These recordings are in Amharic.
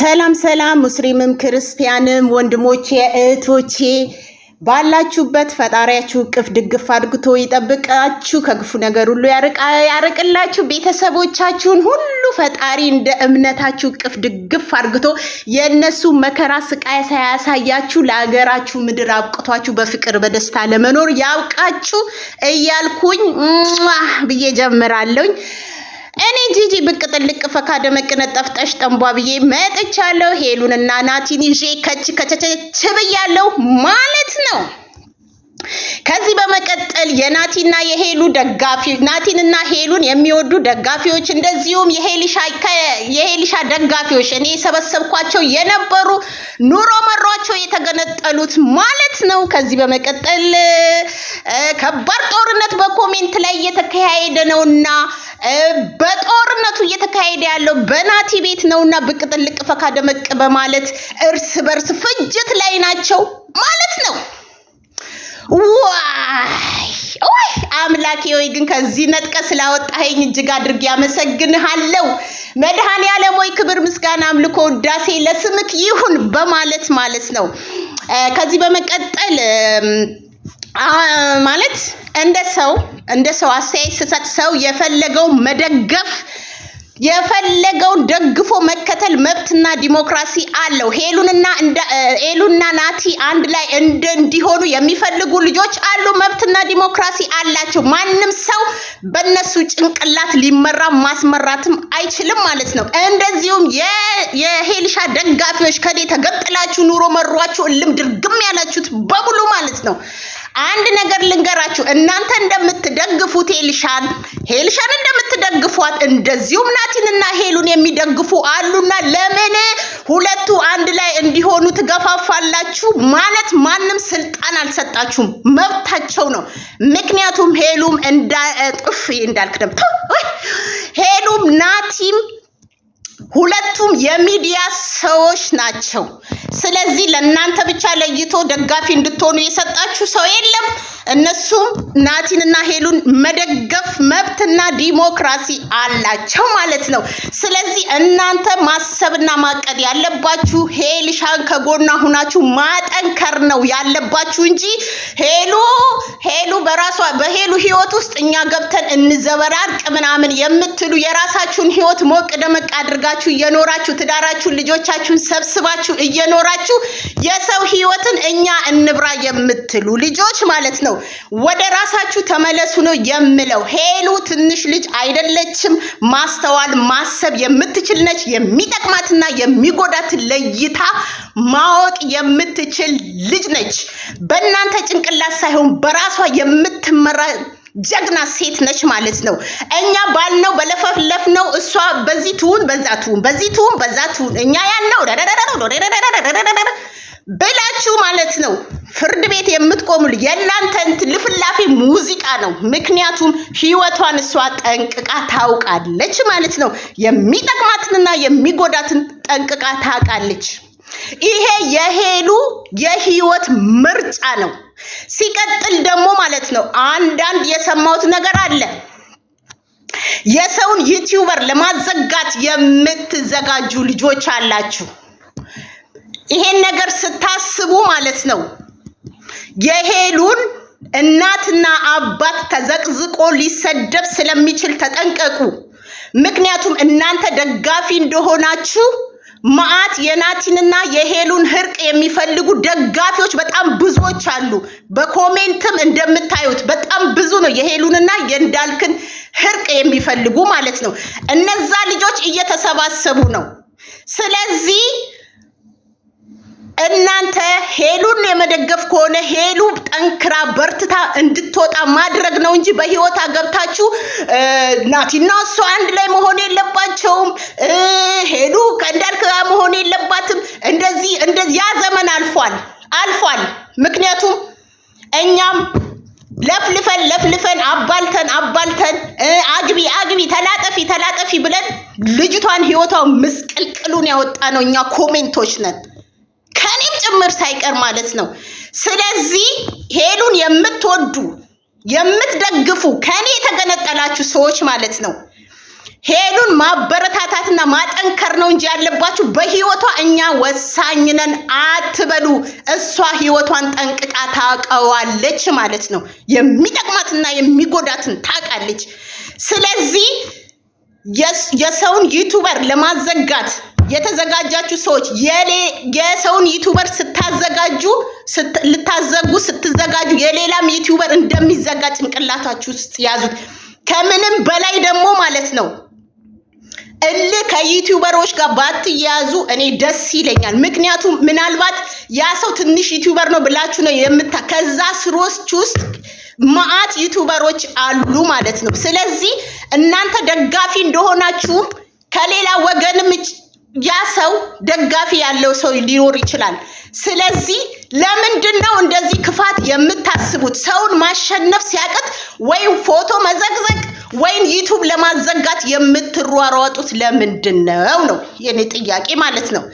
ሰላም ሰላም ሙስሊምም ክርስቲያንም ወንድሞቼ እህቶቼ ባላችሁበት ፈጣሪያችሁ እቅፍ ድግፍ አድግቶ ይጠብቃችሁ፣ ከክፉ ነገር ሁሉ ያርቅላችሁ። ቤተሰቦቻችሁን ሁሉ ፈጣሪ እንደ እምነታችሁ እቅፍ ድግፍ አድግቶ የእነሱ መከራ ስቃይ ሳያሳያችሁ ለሀገራችሁ ምድር አብቅቷችሁ በፍቅር በደስታ ለመኖር ያብቃችሁ እያልኩኝ ብዬ ጀምራለሁኝ። እኔ ጂጂ ብቅ ጥልቅ ፈካ ደመቅ ነጠፍጠሽ ጠንቧ ብዬ መጥቻለሁ። ሄሉንና ናቲን ይዤ ከች ከቸቸች ብያለሁ ማለት ነው። ከዚህ በመቀጠል የናቲና የሄሉ ደጋፊ ናቲንና ሄሉን የሚወዱ ደጋፊዎች እንደዚሁም የሄሊሻ ደጋፊዎች እኔ የሰበሰብኳቸው የነበሩ ኑሮ መሯቸው የተገነጠሉት ማለት ነው። ከዚህ በመቀጠል ከባድ ጦርነት በኮሜንት ላይ እየተካሄደ ነውና በጦርነቱ እየተካሄደ ያለው በናቲ ቤት ነውና ብቅ ጥልቅ ፈካ ደመቅ በማለት እርስ በርስ ፍጅት ላይ ናቸው ማለት ነው። ዋይ አምላኬ ወይ ግን ከዚህ ነጥቀ ስላወጣኸኝ እጅግ አድርጌ ያመሰግንሃለሁ። መድኃኔ ዓለም ወይ ክብር፣ ምስጋና፣ አምልኮ፣ ውዳሴ ለስምክ ይሁን በማለት ማለት ነው። ከዚህ በመቀጠል ማለት እንደ ሰው እንደ ሰው አስተያየት ስሰጥ ሰው የፈለገው መደገፍ የፈለገውን ደግፎ መከተል መብትና ዲሞክራሲ አለው። ሄሉንና ሄሉና ናቲ አንድ ላይ እንዲሆኑ የሚፈልጉ ልጆች አሉ። መብትና ዲሞክራሲ አላቸው። ማንም ሰው በነሱ ጭንቅላት ሊመራ ማስመራትም አይችልም ማለት ነው። እንደዚሁም የሄልሻ ደጋፊዎች ከዴ ተገጥላችሁ ኑሮ መሯችሁ እልም ድርግም ያላችሁት በሙሉ ማለት ነው አንድ ነገር ልንገራችሁ። እናንተ እንደምትደግፉት ሄልሻን ሄልሻን እንደምትደግፏት እንደዚሁም ናቲንና ሄሉን የሚደግፉ አሉና ለምን ሁለቱ አንድ ላይ እንዲሆኑ ትገፋፋላችሁ? ማለት ማንም ስልጣን አልሰጣችሁም፣ መብታቸው ነው። ምክንያቱም ሄሉም እንዳ ጥፍ እንዳልክ ሄሉም ናቲም ሁለቱም የሚዲያ ሰዎች ናቸው። ስለዚህ ለእናንተ ብቻ ለይቶ ደጋፊ እንድትሆኑ የሰጣችሁ ሰው የለም። እነሱም ናቲንና ሄሉን መደገፍ መብትና ዲሞክራሲ አላቸው ማለት ነው። ስለዚህ እናንተ ማሰብና ማቀድ ያለባችሁ ሄልሻን ከጎና ሁናችሁ ማጠንከር ነው ያለባችሁ እንጂ ሄሉ ሄሉ በራሷ በሄሉ ህይወት ውስጥ እኛ ገብተን እንዘበራርቅ ምናምን የምትሉ የራሳችሁን ህይወት ሞቅ ደመቅ አድርጋችሁ እየኖራችሁ ትዳራችሁን ልጆቻችሁን ሰብስባችሁ እየኖራችሁ የሰው ህይወትን እኛ እንብራ የምትሉ ልጆች ማለት ነው ነው። ወደ ራሳችሁ ተመለሱ ነው የምለው። ሄሉ ትንሽ ልጅ አይደለችም። ማስተዋል ማሰብ የምትችል ነች። የሚጠቅማትና የሚጎዳትን ለይታ ማወቅ የምትችል ልጅ ነች። በእናንተ ጭንቅላት ሳይሆን በራሷ የምትመራ ጀግና ሴት ነች ማለት ነው። እኛ ባልነው ነው እሷ በዚህ ትሁን በዛ ትሁን በዚህ ትሁን በዛ ትሁን እኛ ያልነው ብላችሁ ማለት ነው ፍርድ ቤት የምትቆሙል የእናንተ ልፍላፊ ሙዚቃ ነው። ምክንያቱም ህይወቷን እሷ ጠንቅቃ ታውቃለች ማለት ነው። የሚጠቅማትንና የሚጎዳትን ጠንቅቃ ታውቃለች። ይሄ የሄሉ የህይወት ምርጫ ነው። ሲቀጥል ደግሞ ማለት ነው አንዳንድ የሰማሁት ነገር አለ የሰውን ዩቲዩበር ለማዘጋት የምትዘጋጁ ልጆች አላችሁ። ይሄን ነገር ስታስቡ ማለት ነው የሄሉን እናትና አባት ተዘቅዝቆ ሊሰደብ ስለሚችል ተጠንቀቁ። ምክንያቱም እናንተ ደጋፊ እንደሆናችሁ ማአት የናቲንና የሄሉን ህርቅ የሚፈልጉ ደጋፊዎች በጣም ብዙዎች አሉ። በኮሜንትም እንደምታዩት በጣም ብዙ ነው፣ የሄሉንና የእንዳልክን ህርቅ የሚፈልጉ ማለት ነው። እነዛ ልጆች እየተሰባሰቡ ነው። ስለዚህ እናንተ ሄሉን የመደገፍ ከሆነ ሄሉ ጠንክራ በርትታ እንድትወጣ ማድረግ ነው እንጂ በህይወት አገብታችሁ ናቲና እሷ አንድ ላይ መሆን የለባቸውም፣ ሄሉ ከእንዳልክ ጋር መሆን የለባትም። እንደዚህ እንደዚህ ያ ዘመን አልፏል አልፏል። ምክንያቱም እኛም ለፍልፈን ለፍልፈን አባልተን አባልተን አግቢ አግቢ ተላጠፊ ተላጠፊ ብለን ልጅቷን ህይወቷን ምስቅልቅሉን ያወጣ ነው እኛ ኮሜንቶች ነን። ከኔም ጭምር ሳይቀር ማለት ነው። ስለዚህ ሄሉን የምትወዱ የምትደግፉ ከኔ የተገነጠላችሁ ሰዎች ማለት ነው ሄሉን ማበረታታትና ማጠንከር ነው እንጂ ያለባችሁ። በህይወቷ እኛ ወሳኝ ነን አትበሉ። እሷ ህይወቷን ጠንቅቃ ታውቀዋለች ማለት ነው። የሚጠቅማትና የሚጎዳትን ታውቃለች። ስለዚህ የሰውን ዩቱበር ለማዘጋት የተዘጋጃችሁ ሰዎች የሰውን ዩቲዩበር ስታዘጋጁ ልታዘጉ ስትዘጋጁ የሌላም ዩቲዩበር እንደሚዘጋ ጭንቅላታችሁ ውስጥ ያዙት። ከምንም በላይ ደግሞ ማለት ነው እልህ ከዩቲዩበሮች ጋር ባትያያዙ እኔ ደስ ይለኛል። ምክንያቱም ምናልባት ያ ሰው ትንሽ ዩቲዩበር ነው ብላችሁ ነው የምታ ከዛ ስሮች ውስጥ ማአት ዩቲዩበሮች አሉ ማለት ነው። ስለዚህ እናንተ ደጋፊ እንደሆናችሁ ከሌላ ወገንም ያ ሰው ደጋፊ ያለው ሰው ሊኖር ይችላል። ስለዚህ ለምንድን ነው እንደዚህ ክፋት የምታስቡት? ሰውን ማሸነፍ ሲያቅት ወይ ፎቶ መዘግዘግ ወይም ዩቱብ ለማዘጋት የምትሯሯጡት ለምንድን ነው ነው የኔ ጥያቄ ማለት ነው።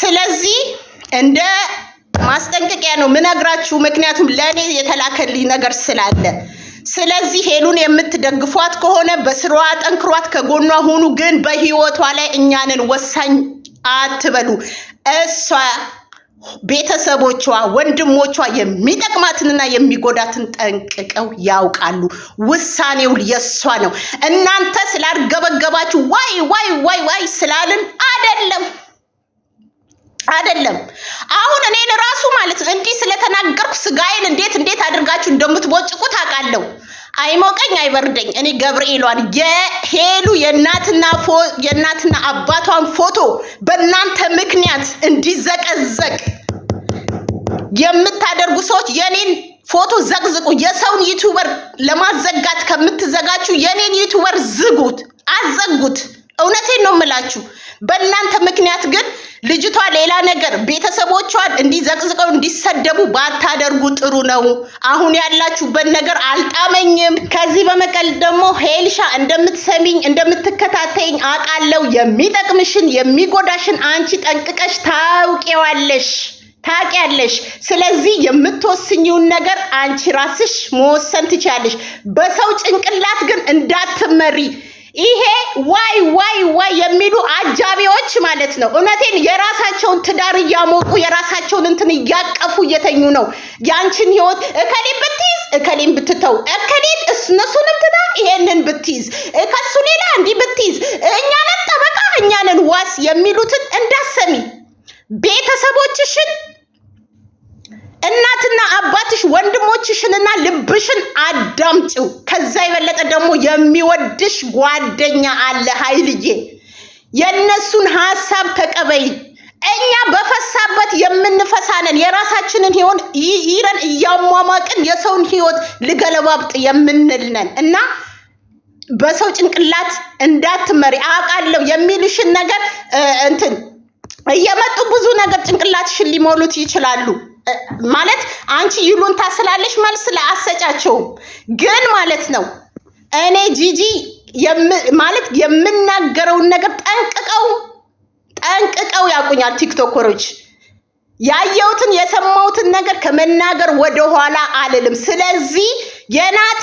ስለዚህ እንደ ማስጠንቀቂያ ነው ምነግራችሁ፣ ምክንያቱም ለእኔ የተላከልኝ ነገር ስላለ ስለዚህ ሄሉን የምትደግፏት ከሆነ በስሯ ጠንክሯት፣ ከጎኗ ሁኑ። ግን በህይወቷ ላይ እኛንን ወሳኝ አትበሉ። እሷ ቤተሰቦቿ፣ ወንድሞቿ የሚጠቅማትንና የሚጎዳትን ጠንቅቀው ያውቃሉ። ውሳኔው የእሷ ነው። እናንተ ስላልገበገባችሁ ዋይ ዋይ ዋይ ዋይ ስላልን አደለም። አይደለም አሁን እኔን ራሱ ማለት እንዲህ ስለተናገርኩ ስጋዬን እንዴት እንዴት አድርጋችሁ እንደምትቦጭቁት አውቃለሁ። አይሞቀኝ አይበርደኝ። እኔ ገብርኤሏን የሄሉ የእናትና የእናትና አባቷን ፎቶ በእናንተ ምክንያት እንዲዘቀዘቅ የምታደርጉ ሰዎች የኔን ፎቶ ዘቅዝቁ። የሰውን ዩቱበር ለማዘጋት ከምትዘጋጁ የኔን ዩቱበር ዝጉት፣ አዘጉት። እውነቴን ነው የምላችሁ። በእናንተ ምክንያት ግን ልጅቷ ሌላ ነገር ቤተሰቦቿን እንዲዘቅዝቀው እንዲሰደቡ ባታደርጉ ጥሩ ነው። አሁን ያላችሁበት ነገር አልጣመኝም። ከዚህ በመቀል ደግሞ ሄልሻ እንደምትሰሚኝ እንደምትከታተይኝ አውቃለሁ። የሚጠቅምሽን የሚጎዳሽን አንቺ ጠንቅቀሽ ታውቂዋለሽ ታውቂያለሽ። ስለዚህ የምትወስኝውን ነገር አንቺ ራስሽ መወሰን ትችያለሽ። በሰው ጭንቅላት ግን እንዳትመሪ። ይሄ ዋይ ዋይ ዋይ የሚሉ አጃቢዎች ማለት ነው። እውነቴን የራሳቸውን ትዳር እያሞቁ የራሳቸውን እንትን እያቀፉ እየተኙ ነው። ያንቺን ህይወት እከሌን ብትይዝ እከሌን ብትተው እከሌን እነሱንም ትታ ይሄንን ብትይዝ ከሱ ሌላ እንዲህ ብትይዝ እኛንን ጠበቃ እኛንን ዋስ የሚሉትን እንዳሰሚ ቤተሰቦችሽን እናትና አባትሽ ወንድሞችሽንና ልብሽን አዳምጪው። ከዛ የበለጠ ደግሞ የሚወድሽ ጓደኛ አለ ኃይልዬ፣ የእነሱን ሀሳብ ተቀበይ። እኛ በፈሳበት የምንፈሳነን የራሳችንን ህይወን ይረን እያሟሟቅን የሰውን ህይወት ልገለባብጥ የምንልነን እና በሰው ጭንቅላት እንዳትመሪ አውቃለሁ የሚልሽን ነገር እንትን እየመጡ ብዙ ነገር ጭንቅላትሽን ሊሞሉት ይችላሉ። ማለት አንቺ ይሉን ታስላለሽ ማለት ስለ ግን ማለት ነው እኔ ጂጂ ማለት የምናገረውን ነገር ጠንቅቀው ጠንቅቀው ያቁኛል። ቲክቶከሮች። ያየሁትን የሰማሁትን ነገር ከመናገር ወደኋላ አልልም። ስለዚህ የናቲ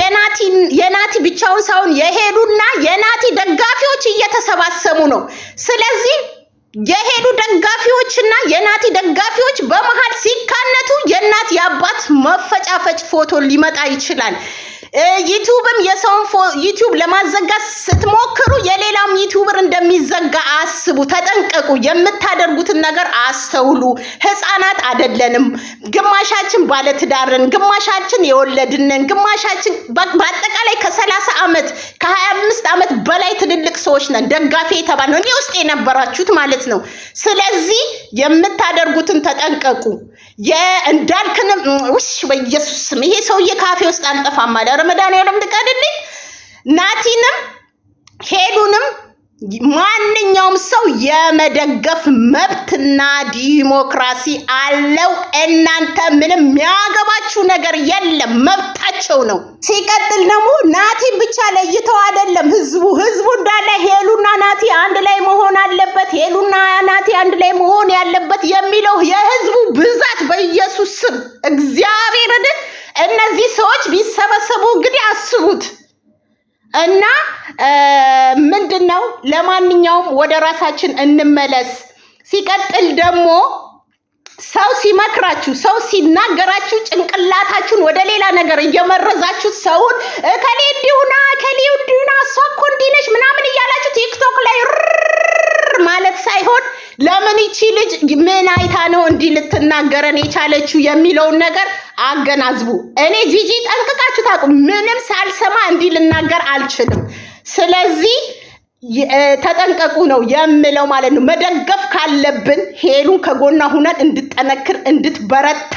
የናቲ የናቲ ብቻውን ሳይሆን የሄዱና የናቲ ደጋፊዎች እየተሰባሰቡ ነው። ስለዚህ የሄዱ ደጋፊዎች እና የናቲ ደጋፊዎች በመሀል ሲካነቱ የእናት የአባት መፈጫፈጭ ፎቶ ሊመጣ ይችላል። ዩቱብም የሰውን ዩቲዩብ ለማዘጋት ስትሞክሩ የሌላም ዩቱበር እንደሚዘጋ አስቡ፣ ተጠንቀቁ። የምታደርጉትን ነገር አስተውሉ። ህፃናት አደለንም። ግማሻችን ባለትዳርን፣ ግማሻችን የወለድንን፣ ግማሻችን በአጠቃላይ ከሰላሳ ዓመት ከሀያ አምስት ዓመት በላይ ትልልቅ ሰዎች ነን። ደጋፊ ነው እኔ ውስጥ የነበራችሁት ማለት ነው። ስለዚህ የምታደርጉትን ተጠንቀቁ። እንዳልክንም ውሽ በኢየሱስ ስም ይሄ ሰውዬ ካፌ ውስጥ አልጠፋም አለ በመድኃኒዓለም ትቀድልኝ ናቲንም ሄሉንም ማንኛውም ሰው የመደገፍ መብትና ዲሞክራሲ አለው። እናንተ ምንም የሚያገባችሁ ነገር የለም፣ መብታቸው ነው። ሲቀጥል ደግሞ ናቲን ብቻ ለይተው አይደለም ህዝቡ ህዝቡ እንዳለ ሄሉና ናቲ አንድ ላይ መሆን አለበት፣ ሄሉና ናቲ አንድ ላይ መሆን ያለበት የሚለው የህዝቡ ብዛት በኢየሱስ ስም እግዚአብሔር እነዚህ ሰዎች ቢሰበሰቡ እንግዲህ አስቡት እና ምንድን ነው ለማንኛውም ወደ ራሳችን እንመለስ። ሲቀጥል ደግሞ ሰው ሲመክራችሁ ሰው ሲናገራችሁ ጭንቅላታችሁን ወደ ሌላ ነገር እየመረዛችሁ ሰውን እከሌ እንዲሁና እከሌ እንዲሁና እሷ እኮ እንዲህ ነች ምናምን እያላችሁ ቲክቶክ ላይ ማለት ሳይሆን ለምን ይቺ ልጅ ምን አይታ ነው እንዲህ ልትናገረን የቻለችው የሚለውን ነገር አገናዝቡ። እኔ ጂጂ ጠንቅቃችሁ ታውቁ። ምንም ሳልሰማ እንዲህ ልናገር አልችልም። ስለዚህ ተጠንቀቁ ነው የምለው ማለት ነው። መደገፍ ካለብን ሄሉን ከጎኗ ሁነን እንድጠነክር እንድትበረታ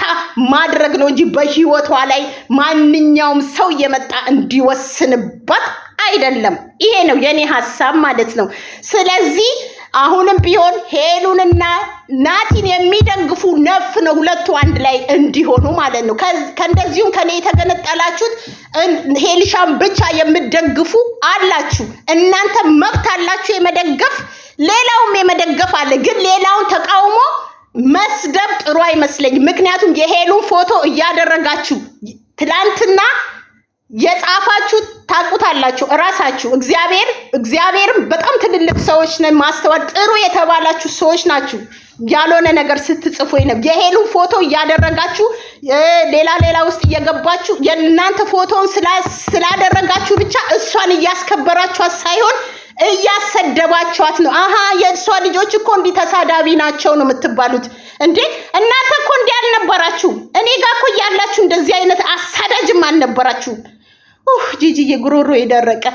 ማድረግ ነው እንጂ በህይወቷ ላይ ማንኛውም ሰው እየመጣ እንዲወስንባት አይደለም። ይሄ ነው የኔ ሀሳብ ማለት ነው። ስለዚህ አሁንም ቢሆን ሄሉንና ናቲን የሚደግፉ ነፍ ነው ሁለቱ አንድ ላይ እንዲሆኑ ማለት ነው። ከእንደዚሁም ከኔ የተገነጠላችሁት ሄልሻን ብቻ የምደግፉ አላችሁ። እናንተ መብት አላችሁ የመደገፍ ሌላውም የመደገፍ አለ። ግን ሌላውን ተቃውሞ መስደብ ጥሩ አይመስለኝም። ምክንያቱም የሄሉን ፎቶ እያደረጋችሁ ትላንትና የጻፋችሁ ታቁታላችሁ እራሳችሁ። እግዚአብሔር እግዚአብሔርም በጣም ትልልቅ ሰዎች ነን ማስተዋል ጥሩ የተባላችሁ ሰዎች ናችሁ። ያልሆነ ነገር ስትጽፉ ነው የሄሉ ፎቶ እያደረጋችሁ ሌላ ሌላ ውስጥ እየገባችሁ የእናንተ ፎቶን ስላደረጋችሁ ብቻ እሷን እያስከበራችኋት ሳይሆን እያሰደባችኋት ነው። አሀ የእሷ ልጆች እኮ እንዲህ ተሳዳቢ ናቸው ነው የምትባሉት እንዴ? እናንተ እኮ እንዲህ አልነበራችሁ። እኔ ጋር እኮ እያላችሁ እንደዚህ አይነት አሳዳጅም አልነበራችሁም። ጂጂዬ ጉሮሮ የደረቀ።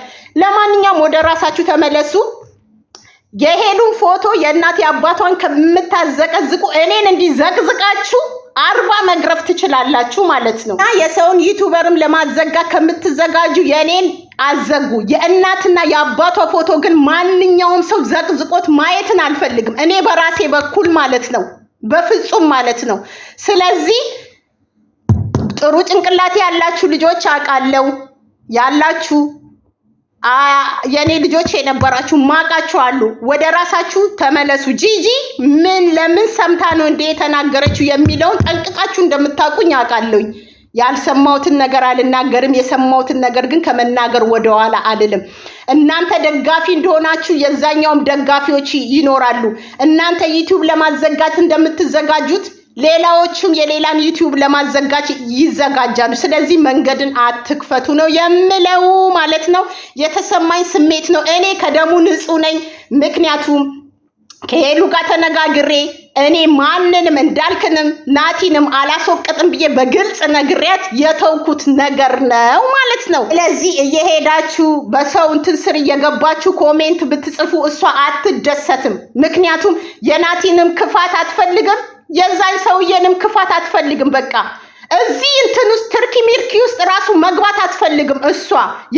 ለማንኛውም ወደ ራሳችሁ ተመለሱ። የሄሉን ፎቶ የእናት አባቷን ከምታዘቀዝቁ እኔን እንዲዘቅዝቃችሁ አርባ መግረፍ ትችላላችሁ ማለት ነው። እና የሰውን ዩቱበርም ለማዘጋ ከምትዘጋጁ የእኔን አዘጉ። የእናትና የአባቷ ፎቶ ግን ማንኛውም ሰው ዘቅዝቆት ማየትን አልፈልግም። እኔ በራሴ በኩል ማለት ነው፣ በፍጹም ማለት ነው። ስለዚህ ጥሩ ጭንቅላት ያላችሁ ልጆች አውቃለሁ። ያላችሁ የእኔ ልጆች የነበራችሁ ማቃችሁ አሉ። ወደ ራሳችሁ ተመለሱ። ጂጂ ምን ለምን ሰምታ ነው እንደ የተናገረችው የሚለውን ጠንቅቃችሁ እንደምታውቁኝ አውቃለሁኝ። ያልሰማሁትን ነገር አልናገርም። የሰማሁትን ነገር ግን ከመናገር ወደኋላ አልልም። እናንተ ደጋፊ እንደሆናችሁ የዛኛውም ደጋፊዎች ይኖራሉ። እናንተ ዩቲዩብ ለማዘጋት እንደምትዘጋጁት ሌላዎቹም የሌላን ዩቲዩብ ለማዘጋጅ ይዘጋጃሉ። ስለዚህ መንገድን አትክፈቱ ነው የምለው ማለት ነው። የተሰማኝ ስሜት ነው። እኔ ከደሙ ንጹሕ ነኝ። ምክንያቱም ከሄሉ ጋር ተነጋግሬ እኔ ማንንም እንዳልክንም ናቲንም አላስወቅጥም ብዬ በግልጽ ነግሬያት የተውኩት ነገር ነው ማለት ነው። ስለዚህ እየሄዳችሁ በሰው እንትን ስር እየገባችሁ ኮሜንት ብትጽፉ እሷ አትደሰትም። ምክንያቱም የናቲንም ክፋት አትፈልግም የዛን ሰውዬንም ክፋት አትፈልግም። በቃ እዚህ እንትን ውስጥ ትርኪ ሚርኪ ውስጥ ራሱ መግባት አትፈልግም። እሷ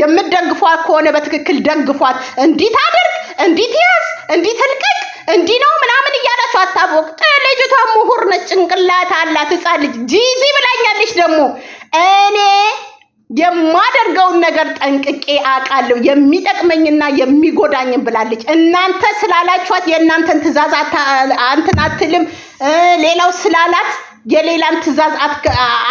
የምትደግፏት ከሆነ በትክክል ደግፏት። እንዲት አድርግ፣ እንዲት ያዝ፣ እንዲት ትልቀቅ፣ እንዲህ ነው ምናምን እያላችሁ አታቦቅ። ልጅቷ ምሁር ነች፣ ጭንቅላት አላት፣ ህፃን ልጅ ጂዚ ብላኛለች ደግሞ እኔ የማደርገውን ነገር ጠንቅቄ አውቃለሁ፣ የሚጠቅመኝና የሚጎዳኝን ብላለች። እናንተ ስላላችኋት የእናንተን ትእዛዝ አንትን አትልም። ሌላው ስላላት የሌላን ትእዛዝ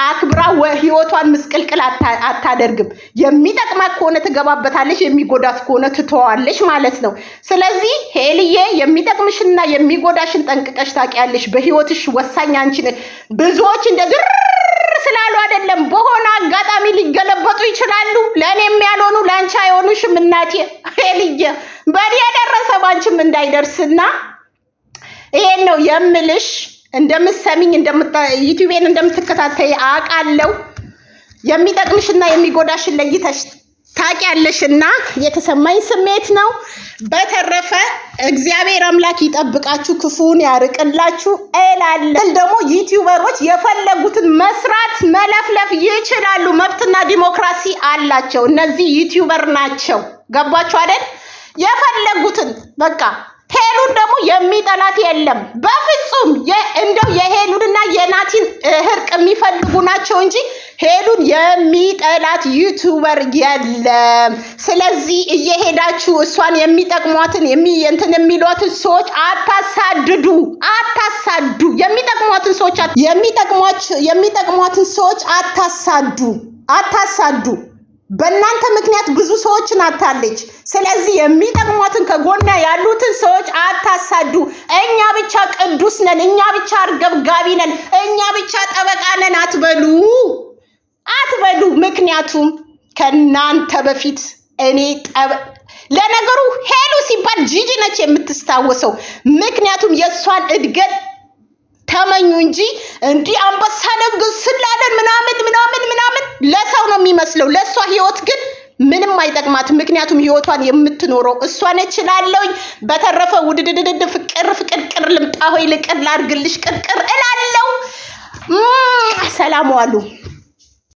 አክብራ ህይወቷን ምስቅልቅል አታደርግም። የሚጠቅማት ከሆነ ትገባበታለች፣ የሚጎዳት ከሆነ ትተዋለች ማለት ነው። ስለዚህ ሄልዬ የሚጠቅምሽና የሚጎዳሽን ጠንቅቀሽ ታውቂያለሽ። በህይወትሽ ወሳኝ አንቺ ነሽ። ብዙዎች እንደ ስላሉ አይደለም። በሆነ አጋጣሚ ሊገለበጡ ይችላሉ። ለእኔም ያልሆኑ ለአንቺ አይሆኑሽም እናቴ። ልየ በእኔ የደረሰ ባንቺም እንዳይደርስና ይሄን ነው የምልሽ። እንደምትሰሚኝ ዩቲዩቤን እንደምትከታተይ አውቃለሁ። የሚጠቅምሽና የሚጎዳሽን ለይተሽ ታውቂያለሽ እና የተሰማኝ ስሜት ነው። በተረፈ እግዚአብሔር አምላክ ይጠብቃችሁ፣ ክፉን ያርቅላችሁ እላለሁ። ደግሞ ዩቲዩበሮች የፈለጉትን መስራት መለፍለፍ ይችላሉ፣ መብትና ዲሞክራሲ አላቸው። እነዚህ ዩቲዩበር ናቸው። ገባችሁ አይደል? የፈለጉትን በቃ ሄሉን ደግሞ የሚጠላት የለም በፍጹም። እንደው የሄሉንና የናቲን እርቅ የሚፈልጉ ናቸው እንጂ ሄሉን የሚጠላት ዩቱበር የለም። ስለዚህ እየሄዳችሁ እሷን የሚጠቅሟትን እንትን የሚሏትን ሰዎች አታሳድዱ፣ አታሳዱ። የሚጠቅሟትን ሰዎች የሚጠቅሟትን ሰዎች አታሳዱ፣ አታሳዱ። በእናንተ ምክንያት ብዙ ሰዎችን አታለች። ስለዚህ የሚጠቅሟትን ከጎና ያሉትን ሰዎች አታሳዱ። እኛ ብቻ ቅዱስ ነን፣ እኛ ብቻ አርገብጋቢ ነን፣ እኛ ብቻ ጠበቃ ነን አትበሉ አትበሉ። ምክንያቱም ከእናንተ በፊት እኔ ለነገሩ ሄሉ ሲባል ጂጂ ነች የምትስታወሰው። ምክንያቱም የእሷን እድገት ተመኙ እንጂ እንዲህ አንበሳ ደንግዝ ስላለን ምናምን ምናምን ምናምን ለሰው ነው የሚመስለው። ለእሷ ህይወት ግን ምንም አይጠቅማትም። ምክንያቱም ህይወቷን የምትኖረው እሷ ነች እላለሁኝ። በተረፈ ውድድድድድ ፍቅር ፍቅር ቅር ልምጣ ሆይ ልቅር ላርግልሽ ቅርቅር እላለሁ። ሰላም ዋሉ።